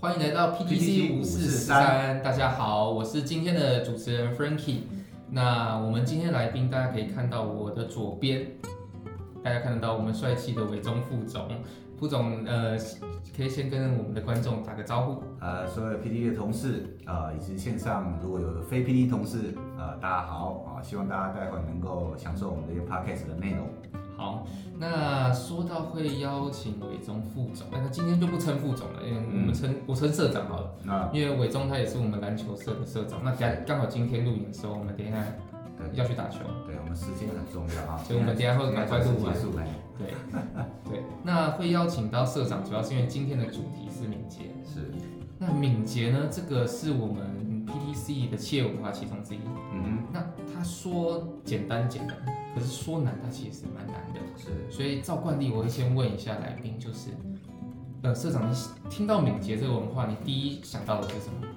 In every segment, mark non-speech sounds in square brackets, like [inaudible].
歡迎來到 PTC 五四三，大家好，我是今天的主持人 Frankie。那我們今天來賓，大家可以看到我的左邊，大家看得到我們帥氣的偉忠副總。副總呃，可以先跟我們的觀眾打個招呼。呃，所有 PTC 的同事，呃，以及線上如果有非 PT 同事，呃，大家好，啊、呃，希望大家待會能夠享受我們這些 podcast 的內容。好，那說到會邀請偉忠副總，那、哎、今天就不稱副總了，因為我們稱我稱社長好了。那因為偉忠他也是我們籃球社的社長。那剛好今天錄影的時候，我們等一下要去打球。對，對，我們時間很重要啊，所以我們等一下會趕快結束。對。 [laughs] 對對，那會邀請到社長，主要是因為今天的主題是敏捷。是，那敏捷呢，這個是我們 PTC 的企業文化其中之一。嗯哼，那他說簡單簡單。可是說難，它其實蠻難的。是的，所以照慣例，我會先問一下來賓，就是，呃，社長，你聽到敏捷這個文化，你第一想到的是什麼？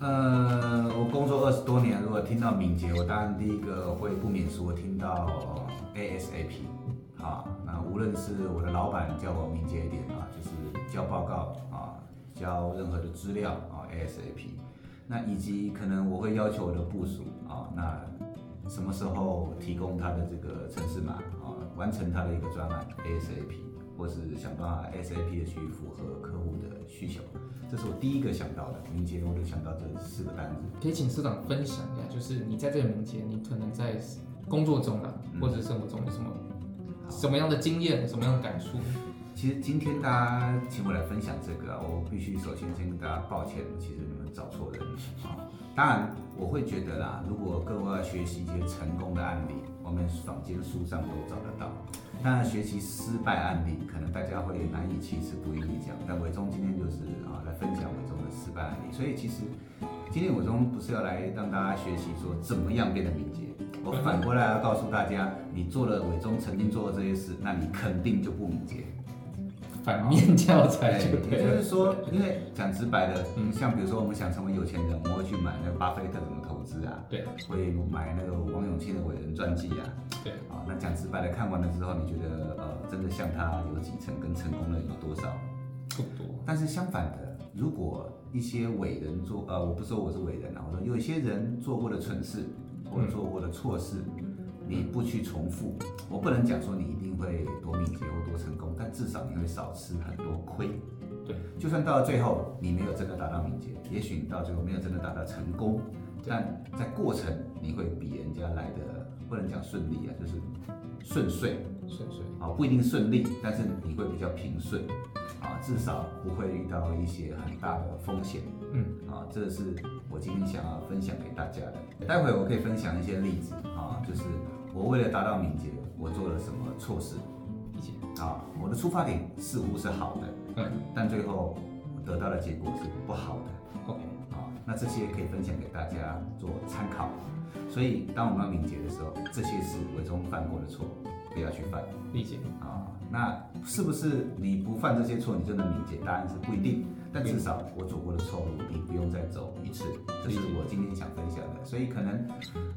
呃，我工作二十多年，如果聽到敏捷，我當然第一個會不免說，聽到 A S A P 啊。那無論是我的老板叫我敏捷一點啊，就是交報告啊，交任何的資料啊 A S A P。ASAP, 那以及可能我會要求我的部屬啊，那。什麼時候提供他的這個程式碼啊，完成他的一個專案，ASAP，或是想辦法 ASAP 的去符合客戶的需求，這是我第一個想到的。敏捷我就想到這四個單字。可以請市長分享一下，就是你在這個敏捷，你可能在工作中啊，嗯、或者生活中有什麼什麼樣的經驗，什麼樣的感觸，嗯？其實今天大家請我來分享這個，我必須首先先跟大家抱歉，其實你們找錯人了。嗯嗯。當然，我會覺得啦，如果各位要學習一些成功的案例，我們坊間書上都找得到。當然，學習失敗案例，可能大家會難以啟齒，不願意講。但偉忠今天就是啊、哦，來分享偉忠的失敗案例。所以其實今天偉忠不是要來讓大家學習說怎麼樣變得敏捷，我反過來要告訴大家，你做了偉忠曾經做的這些事，那你肯定就不敏捷。反面教材就對了，也就是說，因為講直白的，像比如說我們想成為有錢人，我們會去買那個巴菲特怎麼投資啊，對，會買那個王永慶的偉人傳記啊，對，啊，那講直白的，看完了之後，你覺得呃，真的像他有幾成跟成功的人有多少？不多，多。但是相反的，如果一些偉人做，呃，我不說我是偉人啊，我說有一些人做過的蠢事或者做過的錯事。嗯你不去重複，我不能講說你一定會多敏捷或多成功，但至少你會少吃很多虧。對，就算到了最後你沒有真的達到敏捷，也許你到最後沒有真的達到成功，但在過程你會比人家來的不能講順利啊，就是順遂，順遂啊，不一定順利，但是你會比較平順啊，至少不會遇到一些很大的風險。嗯，啊，這是我今天想要分享給大家的。待會我可以分享一些例子啊，就是。我為了達到敏捷，我做了什麼錯事？理解啊，我的出發點似乎是好的，但最後我得到的結果是不好的，啊。OK，那這些可以分享給大家做參考，啊。所以，當我們要敏捷的時候，這些是偉忠犯過的錯，不要去犯。理解啊，那是不是你不犯這些錯，你就能敏捷？答案是不一定。但至少我走過的錯路，你不用再走一次。這是我今天想分享的。所以可能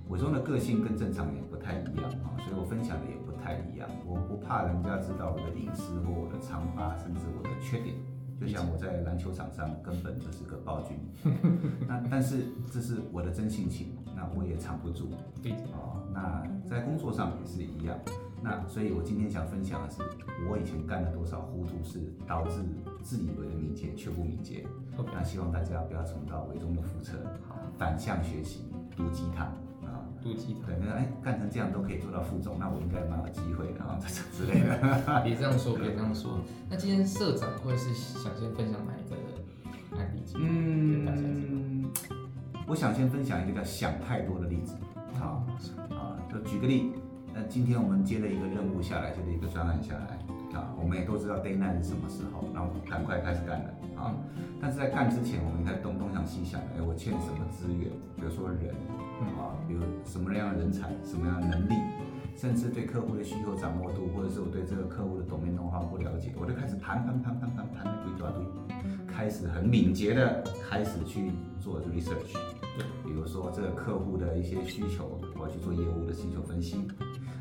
我中的個性跟正常人不太一樣啊，所以我分享的也不太一樣。我不怕人家知道我的隱私或我的長髮，甚至我的缺點。就像我在籃球場上根本就是個暴君，那但是這是我的真性情，那我也藏不住。對，哦，那在工作上也是一樣。那所以，我今天想分享的是，我以前幹了多少糊塗事，導致自以為的敏捷卻不敏捷。Okay. 那希望大家不要重蹈偉忠的覆轍，反向學習，毒雞湯啊，毒雞湯。對，哎，欸、幹成這樣都可以做到副總，那我應該蠻有機會的啊，這之類的。別 [laughs] 這樣說，別 [laughs] 這樣說。那今天社長會是想先分享哪一個案例？嗯，我想先分享一個叫想太多的例子。嗯、好，好就舉個例子。那今天我們接了一個任務下來，接了一個專案下來啊，我們也都知道 deadline 是什麼時候，那我們趕快開始幹了啊。但是在幹之前，我們開始東東想西想，哎，我欠什麼資源？比如說人啊，比如什麼樣的人才，什麼樣的能力，甚至對客戶的需求掌握度，或者是我對這個客戶的 domain 的話不了解，我就開始盤盤盤盤盤盤一堆堆，開始很敏捷的開始去做 research，對，對，比如說這個客戶的一些需求，我要去做業務的需求分析。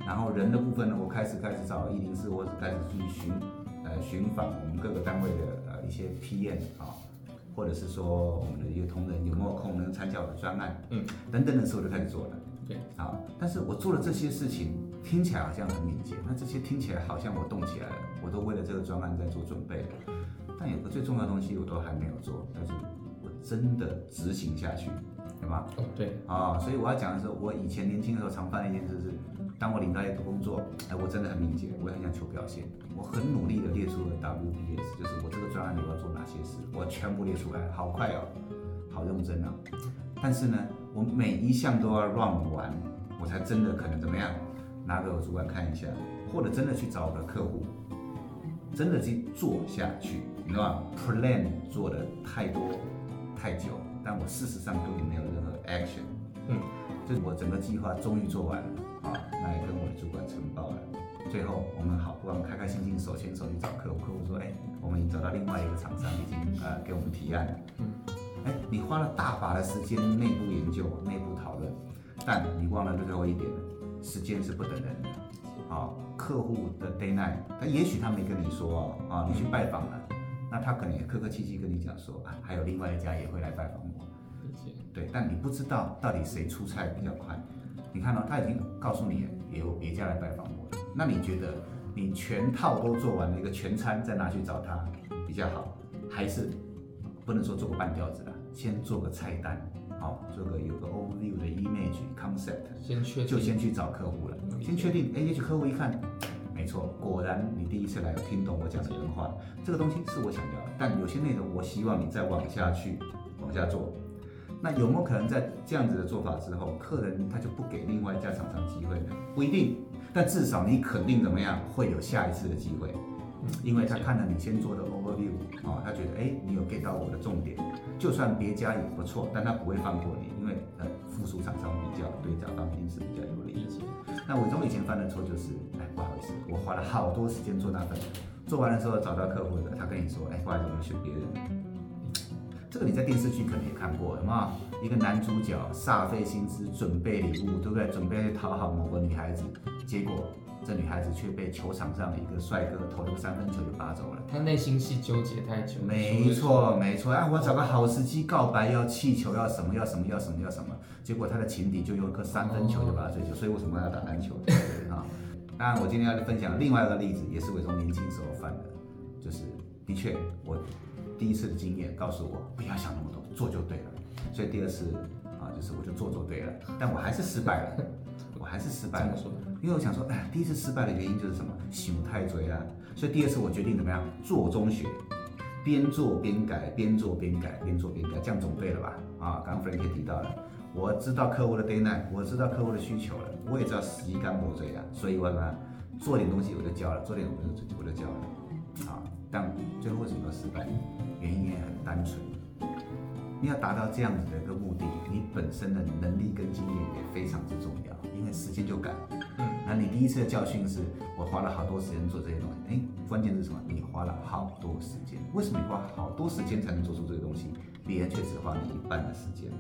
然後人的部分呢，我開始開始找一零四，我開始去尋呃尋訪我們各個單位的呃一些 PM 啊、哦，或者是說我們的一些同仁有沒有空能參加我的專案，嗯，等等的事我就開始做了。對，啊、哦、但是我做的這些事情，聽起來好像很敏捷，那這些聽起來好像我動起來了，我都為了這個專案在做準備了，但有個最重要的東西我都還沒有做，但是我真的執行下去，對吧？對，啊、哦，所以我要講的是，我以前年輕的時候常犯的一件事是。當我領到一個工作，哎、欸，我真的很敏捷，我也很想求表現，我很努力的列出了 WBS，就是我這個專案我要做哪些事，我全部列出來，好快哦，好認真啊、哦。但是呢，我每一項都要 run 完，我才真的可能怎麼樣，拿給我主管看一下，或者真的去找我的客戶，真的去做下去，你知道嗎、嗯、？Plan 做的太多太久，但我事實上根本沒有任何 action。嗯，就是我整個計劃終於做完了。主管承包了，最後我們好，不容易開開心心手牽手去找客戶。客戶說：“哎，我們已經找到另外一個廠商，已經呃給我們提案了。”嗯，哎，你花了大把的時間內部研究、內部討論，但你忘了最後一點，時間是不等人的。啊、哦，客戶的 day night，他也許他沒跟你說哦，哦你去拜訪了，嗯、那他可能也客客氣氣跟你講說啊，還有另外一家也會來拜訪我。對，對對，但你不知道到底誰出差比較快。你看到，哦，他已經告訴你，也有別家來拜訪我了。那你覺得，你全套都做完了一個全餐，再拿去找他比較好，還是不能說做個半吊子了？先做個菜單，好，哦，做個有個 overview 的 image concept，先確定就先去找客戶了。先確定，哎，也許客戶一看，沒錯，果然你第一次來聽懂我講什麼話，這個東西是我想要的。但有些內容，我希望你再往下去，往下做。那有沒有可能在這樣子的做法之後，客人他就不給另外一家廠商機會呢？不一定，但至少你肯定怎麼樣會有下一次的機會，因為他看了你先做的 overview 哦，他覺得哎、欸、你有給到我的重點，就算別家也不錯，但他不會放過你，因為呃附屬廠商比較對甲方一定是比較有利一些。那偉忠以前犯的錯就是哎不好意思，我花了好多時間做那份，做完的時候找到客戶的，他跟你說哎不好意思我們選別人。這個你在電視劇可能也看過，有沒有？一個男主角煞費心思準備禮物，對不對？準備討好某個女孩子，結果這女孩子卻被球場上的一個帥哥投了個三分球就拿走了。他內心戲糾結太久。沒錯，沒錯。啊，我找個好時機告白，要氣球要，要什麼，要什麼，要什麼，要什麼。結果他的情敵就用個三分球就把他追走。哦哦。所以為什麼要打籃球？啊對不對！那、 [laughs] 哦、我今天要分享另外一個例子，也是我從年輕時候犯的，就是的確我。第一次的經驗告訴我，不要想那麼多，做就對了。所以第二次啊，就是我就做做對了，但我還是失敗了，我還是失敗了。因為我想說，哎，第一次失敗的原因就是什麼？想太多了。所以第二次我決定怎麼樣？做中學，邊做邊改，邊做邊改，邊做邊改，這樣總對了吧？啊，剛 Frankie 提到了，我知道客戶的 deadline，我知道客戶的需求了，我也知道時間干我追了，所以我呢做點東西我就交了，做點東西我就交了。但最後為什麼要失敗？嗯。原因也很單純。你要達到這樣子的一個目的，你本身的能力跟經驗也非常之重要。因為時間就趕，嗯，那你第一次的教訓是，我花了好多時間做這些東西。哎，關鍵是什麼？你花了好多時間。為什麼你花好多時間才能做出這個東西？別人卻只花你一半的時間。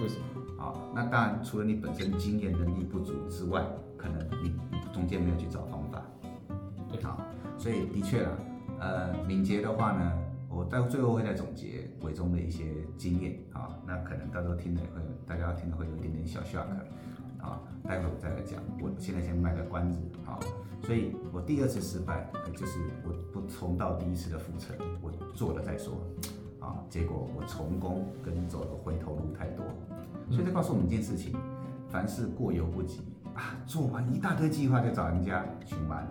為什麼？好，那當然，除了你本身經驗能力不足之外，可能你中間沒有去找方法。對，好，所以的確啊。呃，敏捷的話呢，我待會最後會再總結偉忠的一些經驗啊、哦。那可能到時候聽了會，大家聽了會有一點點小 shock 啊、哦。待會我再來講，我現在先賣個關子啊、哦。所以我第二次失敗，就是我不重蹈第一次的覆轍，我做了再說啊、哦。結果我重工跟走了回頭路太多，所以這告訴我們一件事情：凡事過猶不及啊。做完一大堆計劃就找人家去玩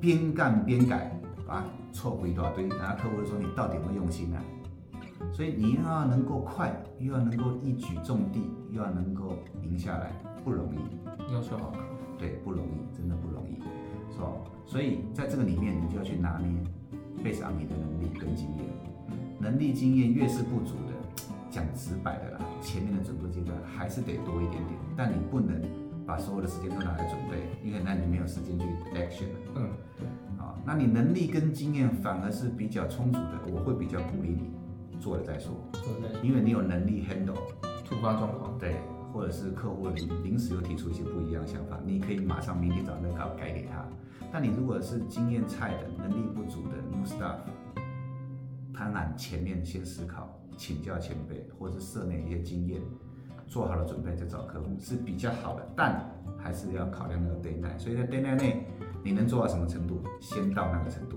邊幹邊改。啊，錯過一大堆，然後客戶就說，你到底有沒有用心呢、啊？所以你又要能夠快，又要能夠一舉中的，又要能夠贏下來，不容易。要求好。對，不容易，真的不容易，是吧？所以在這個裡面，你就要去拿捏 based on 你的能力跟經驗、嗯，能力經驗越是不足的，講直白的啦，前面的準備階段還是得多一點點，但你不能把所有的時間都拿來準備，因為那你沒有時間去 action 了。嗯。那你能力跟經驗反而是比較充足的，我會比較鼓勵你做了再說，因為你有能力 handle 突發狀況，對，或者是客戶臨臨時又提出一些不一樣的想法，你可以馬上明天早上稿改給他。但你如果是經驗菜的，能力不足的 new staff，他婪前面先思考，請教前輩，或者是涉獵一些經驗，做好了準備再找客戶是比較好的，但還是要考量那個 deadline，所以在 deadline 內。你能做到什麼程度，先到那個程度，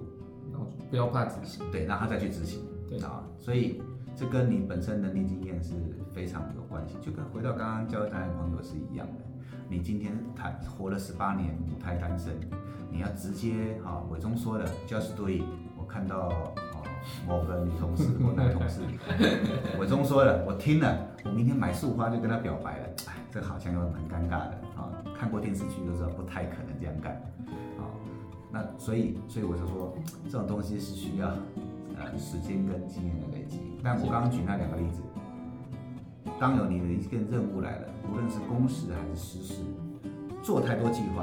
然後不要怕執行，對，然後再去執行，對啊，所以這跟你本身能力、經驗是非常有關係。就跟回到剛剛交談的朋友是一樣的，你今天活了十八年，母胎單身，你要直接啊、哦，偉忠說的，就是對我看到、哦、某個女同事或男同事， [laughs] 偉忠說了，我聽了，我明天買束花就跟他表白了，哎，這好像又蠻尷尬的啊、哦。看過電視劇的時候不太可能這樣幹。那所以，所以我就說，這種東西是需要，呃，時間跟經驗的累積。但我剛剛舉那兩個例子，當有你的一件任務來了，無論是公事還是私事，做太多計劃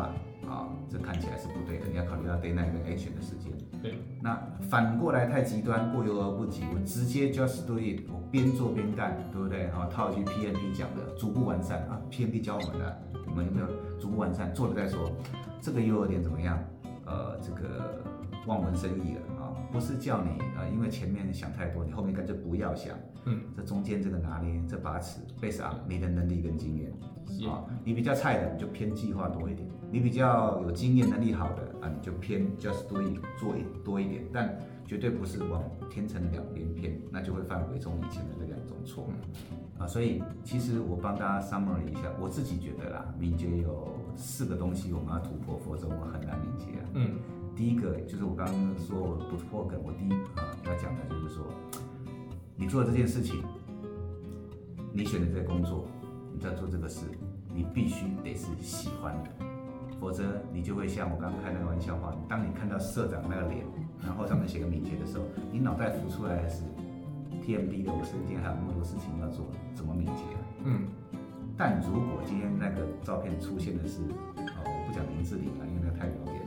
啊，這看起來是不對的。你要考慮到 day one 跟 action 的時間。對。那反過來太極端，過猶而不及。我直接 just do it，我邊做邊幹，對不對？然後套一句 P M P 講的，逐步完善啊。P M P 教我們的，啊，我們有沒有逐步完善？做了再說，這個優點怎麼樣？呃，這個望文生義了啊、哦，不是叫你呃，因為前面想太多，你後面乾脆不要想。嗯，這中間這個拿捏，這把尺，base on、嗯、你的能力跟經驗，啊、哦，你比較菜的，你就偏計劃多一點；你比較有經驗、能力好的啊，你就偏 just do it 做多一點。但絕對不是往天成兩邊偏，那就會犯偉忠以前的那兩種錯誤、嗯、啊。所以其實我幫大家 summary 了一下，我自己覺得啦，敏捷有，四個東西我們要突破，否則我們很難敏捷、啊。嗯，第一個就是我剛剛說我不突破梗，我第一啊要講的就是說，你做這件事情，你選擇在工作，你在做這個事，你必須得是喜歡的，否則你就會像我剛剛開那個玩笑話，當你看到社長那個臉，然後上面寫個敏捷的時候、嗯，你腦袋浮出來的是 T M B 的，我身邊還有那麼多事情要做，怎麼敏捷、啊？嗯。但如果今天那個照片出現的是，啊、哦，我不講名字了，啊，因為那個太遙遠，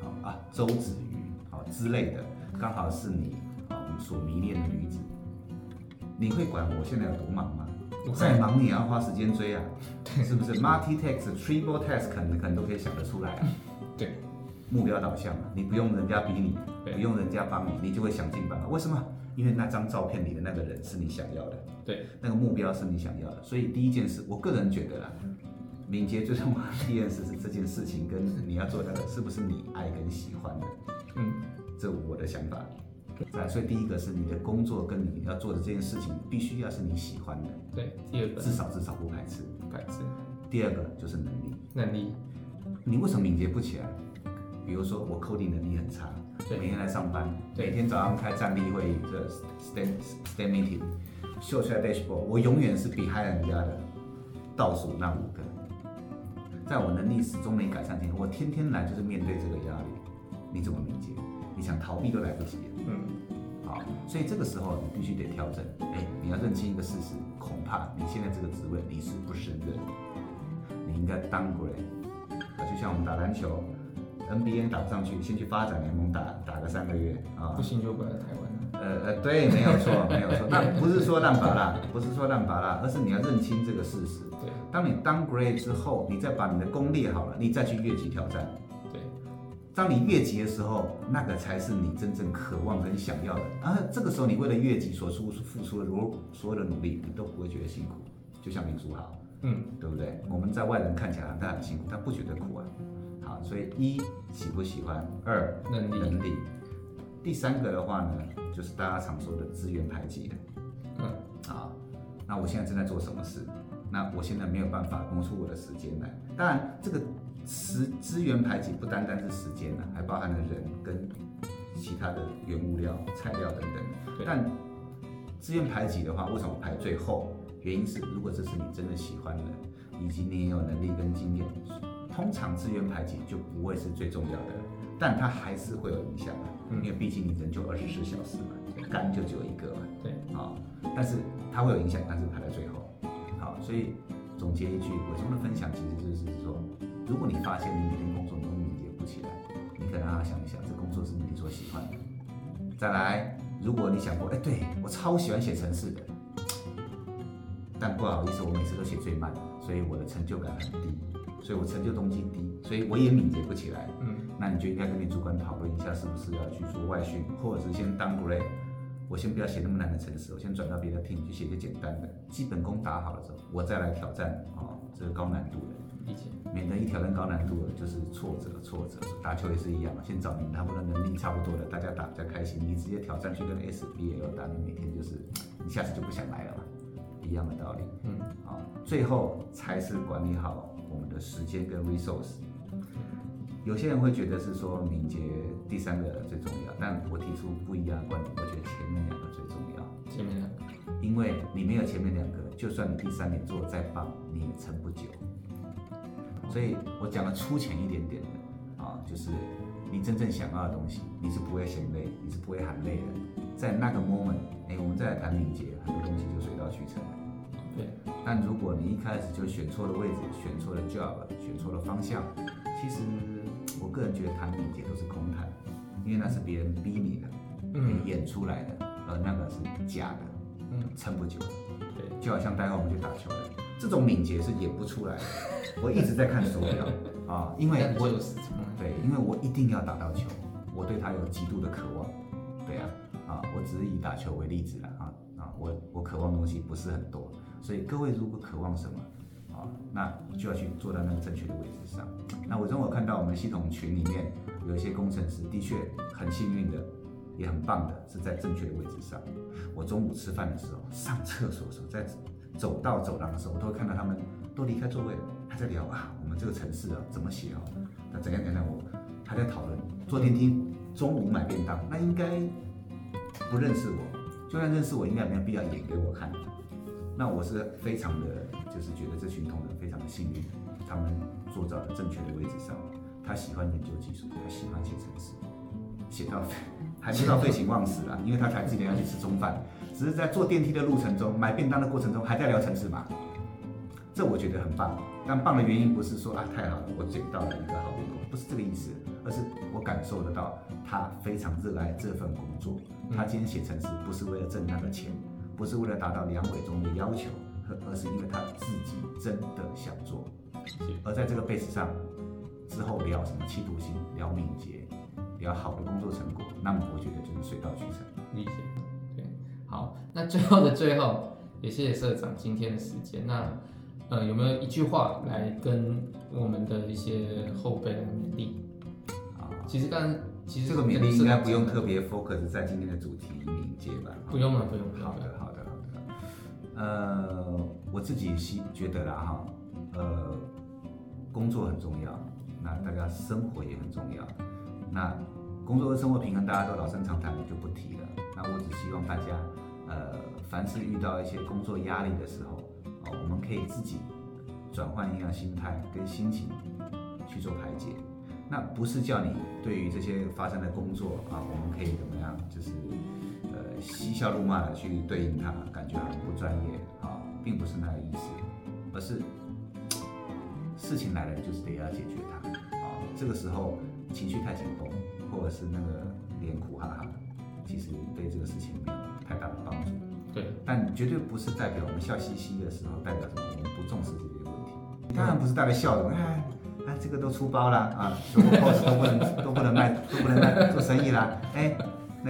好、哦、啊，周子瑜，好、哦、之類的，剛好是你啊、哦、所迷戀的女子，你會管我現在有多忙嗎？再忙你也要花時間追啊，是不是 [laughs] ？Multi task, triple task 可能可能都可以想得出來啊。對，目標導向嘛、啊，你不用人家逼你，不用人家幫你，你就會想盡辦法。為什麼？因為那張照片裡的那個人是你想要的。對，那個目標是你想要的，所以第一件事，我個人覺得啦，敏捷最重要第一件事是這件事情跟你要做的是不是你愛跟你喜歡的，嗯，這我的想法。啊，所以第一個是你的工作跟你要做的這件事情必須要是你喜歡的。對，第二個至少至少不排斥。排斥。第二個就是能力。能力，你為什麼敏捷不起來？比如說我 coding 能力很差，每天來上班，每天早上開站立會議，這 stand stand meeting 秀出來 dashboard，我永遠是 behind 人家的倒數那五個，在我能力始終沒改善前，我天天來就是面對這個壓力，你怎麼面對？你想逃避都來不及。嗯，好，所以這個時候你必須得調整。哎，你要認清一個事實，恐怕你現在這個職位你是不勝任，你應該 downgrade。啊，就像我們打籃球，NBA 打不上去，先去發展聯盟打打個三個月啊，不行就過來台灣。呃呃，對，沒有錯， [laughs] 沒有錯。但不是說讓拔啦，不是說讓拔啦，而是你要認清這個事實。對，當你當 g r e 之後，你再把你的功力好了，你再去越級挑戰。對，當你越級的時候，那個才是你真正渴望跟想要的。而、啊、這個時候，你為了越級所出付出的，如所有的努力，你都不會覺得辛苦。就像林書豪，嗯，對不對？我們在外人看起來他很辛苦，他不覺得苦啊。好，所以一喜不喜歡，二能力。能力第三個的話呢，就是大家常說的資源排擠的，嗯，啊，那我現在正在做什麼事？那我現在沒有辦法挪出我的時間來。當然，這個時資源排擠不單單是時間了，啊，還包含了人跟其他的原物料、材料等等。但資源排擠的話，為什麼排最後？原因是如果這是你真的喜歡的，以及你也有能力跟經驗，通常資源排擠就不會是最重要的。但它還是會有影響的，嗯，因為畢竟你人就二十四小時嘛，肝、嗯、就只有一個嘛。對、好、哦，但是它會有影響，但是排在最後。好，所以總結一句，偉忠的分享其實就是說，如果你發現你每天工作都敏捷不起來，你可能要想一想，這工作是你所喜歡的。再來，如果你想過，哎、欸，對我超喜歡寫程式的，但不好意思，我每次都寫最慢，所以我的成就感很低，所以我成就動機低，所以我也敏捷不起來。嗯。嗯那你就應該跟你主管討論一下，是不是要去做外訓，或者是先 downgrade。我先不要寫那麼難的程式，我先轉到別的 team 去寫一些簡單的。基本功打好了之後，我再來挑戰啊、哦，這個高難度的。理解。免得一挑戰高難度的，就是挫折，挫折。打球也是一樣，先找你們差不多的，能力差不多的，大家打比較開心。你直接挑戰去跟 SBL 打，你每天就是一下子就不想來了嘛，一樣的道理。嗯。啊、哦，最後才是管理好我們的時間跟 resource。有些人會覺得是說敏捷第三個最重要，但我提出不一樣的觀點，我覺得前面兩個最重要。前面，因為你沒有前面兩個，就算你第三點做的再棒，你也撐不久。所以我講的粗淺一點點的啊，就是你真正想要的東西，你是不會嫌累，你是不會喊累的。在那個 moment，哎，我們再來談敏捷，很多東西就水到渠成。對。但如果你一開始就選錯了位置，選錯了 job，選錯了方向，其實。個人覺得談敏捷都是空談，因為那是別人逼你的，可以演出來的、嗯，而那個是假的，撐不久、嗯、對，就好像待會我們去打球了，這種敏捷是演不出來的。 [laughs] 我一直在看手錶 [laughs] 啊，因為我對，因為我一定要打到球，我對他有極度的渴望。對啊啊，我只是以打球為例子了啊啊，我我渴望的東西不是很多，所以各位如果渴望什麼？那你就要去坐在那個正確的位置上。那我中午看到我們系統群裡面有一些工程師，的確很幸運的，也很棒的，是在正確的位置上。我中午吃飯的時候，上廁所的時候，在走到走廊的時候，我都會看到他們都離開座位，還在聊啊。我們這個程式啊，怎麼寫哦，那怎樣怎樣？我還在討論坐電梯，中午買便當，那應該不認識我。就算認識我，應該也沒有必要演給我看。那我是非常的就是覺得這群同仁非常的幸運，他們坐在了正確的位置上。他喜歡研究技術，他喜歡寫程式，寫到還直到廢寢忘食了，因為他才記得要去吃中飯，只是在坐電梯的路程中，買便當的過程中還在聊程式嘛。這我覺得很棒，但棒的原因不是說啊太好了，我嘴到了一個好員工，不是這個意思，而是我感受得到他非常熱愛這份工作，他今天寫程式不是為了掙那個錢。不是為了達到梁偉忠的要求，而是因為他自己真的想做。而在這個 base 上，之後聊什麼企圖心、聊敏捷、聊好的工作成果，那麼我覺得就是水到渠成。理解。對，好，那最後的最後，也謝謝社長今天的時間。那呃，有沒有一句話來跟我們的一些後輩來勉勵？啊，其實剛其實這個勉勵應該不用特別 focus 在今天的主題敏捷吧？不用了，不用。好的。好呃，我自己是覺得啦哈，呃，工作很重要，那大家生活也很重要，那工作和生活平衡大家都老生常談，我就不提了。那我只希望大家，呃，凡是遇到一些工作壓力的時候，啊，我們可以自己轉換一下心態跟心情去做排解。那不是叫你對於這些發生的工作啊，我們可以怎麼樣，就是。嬉笑怒罵的去對應它，感覺很不專業啊、哦，並不是那個意思，而是事情來了就是得要解決它啊、哦。這個時候情緒太輕繃，或者是那個臉苦哈哈，其實對這個事情沒有太大的幫助。對，但絕對不是代表我們笑嘻嘻的時候代表什麼，我們不重視這些問題。當然不是代表笑的，哎,哎這個都出包了啊，都麼 b o s 都不能, [laughs] 都,不能都不能賣都不能賣做生意了，哎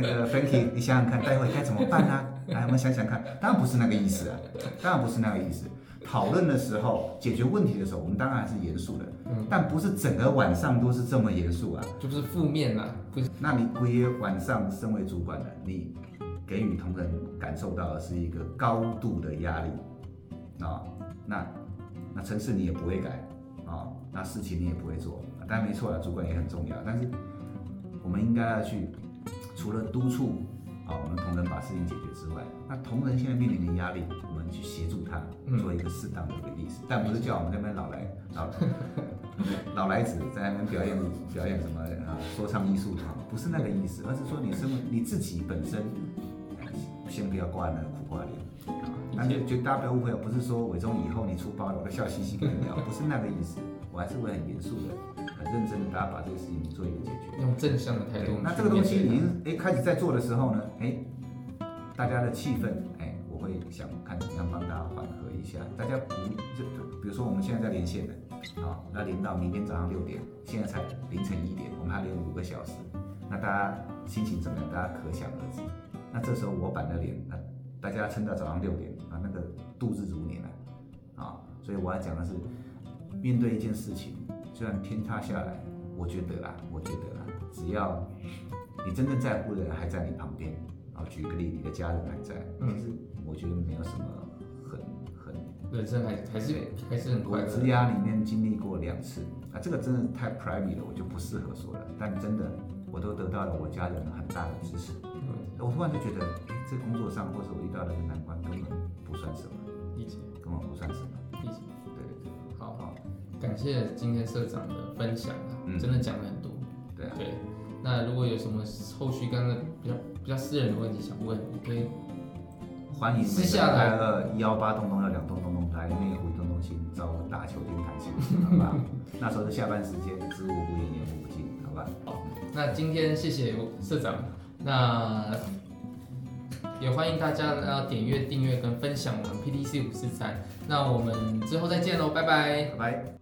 那個芬奇，你想想看，待會該怎麼辦呢、啊？來，我們想想看，當然不是那個意思、啊，當然不是那個意思。討論的時候，解決問題的時候，我們當然是嚴肅的，但不是整個晚上都是這麼嚴肅啊，就是負面嘛。不是，那你整個晚上身為主管的，你給予同仁感受到的是一個高度的壓力啊。那那城市你也不會改啊，那事情你也不會做。當然沒錯啊，主管也很重要，但是我們應該要去。除了督促啊、哦，我們同仁把事情解決之外，那同仁現在面臨的壓力，我們去協助他做一個適當的一個意思、嗯，但不是叫我們那邊老來老來 [laughs] 老來子在那邊表演 [laughs] 表演什麼啊，說唱藝術啊，不是那個意思，而是說你身為你自己本身，先不要掛那個苦瓜臉啊，那就就大家不要誤會，不是說偉忠以後你出包了，我會笑嘻嘻跟你聊，不是那個意思， [laughs] 我還是會很嚴肅的。認真的，大家把這個事情做一個解決，用正向的態度。那這個東西已經哎開始在做的時候呢，哎，大家的氣氛哎，我會想看怎麼樣幫大家緩和一下。大家不就比如說我們現在在連線的，啊，那連到明天早上六點，現在才凌晨一點，我們還連五個小時，那大家心情怎麼樣？大家可想而知。那這時候我板着臉，那大家撐到早上六點，啊，那個度日如年了，啊，所以我要講的是，面對一件事情。雖然天塌下來，我覺得啊，我覺得啊，只要你真正在乎的人還在你旁邊，然後舉個例，你的家人還在，其實我覺得沒有什麼很、很，對這還還是還是很多的。我職涯裡面經歷過兩次啊，這個真的太 private 了，我就不適合說了。但真的，我都得到了我家人很大的支持。嗯、我突然就覺得，哎，這工作上或是我遇到的難關根本不算什麼，一起根本不算什麼，一起。感謝今天社長的分享，啊嗯，真的講了很多對，啊。對，那如果有什麼後續，剛剛比較比較私人的問題，想問我會歡迎私下了洞洞兩洞洞洞來了幺八棟棟要兩棟棟棟來內湖一棟棟去找我們打球、聊天，好吧？ [laughs] 那時候的下班時間，知無不言，言無不盡，好吧？好，哦，那今天謝謝我社長，那也歡迎大家要點閱、訂閱跟分享我們 PTC 五四三。那我們之後再見嘍，拜，拜，拜拜。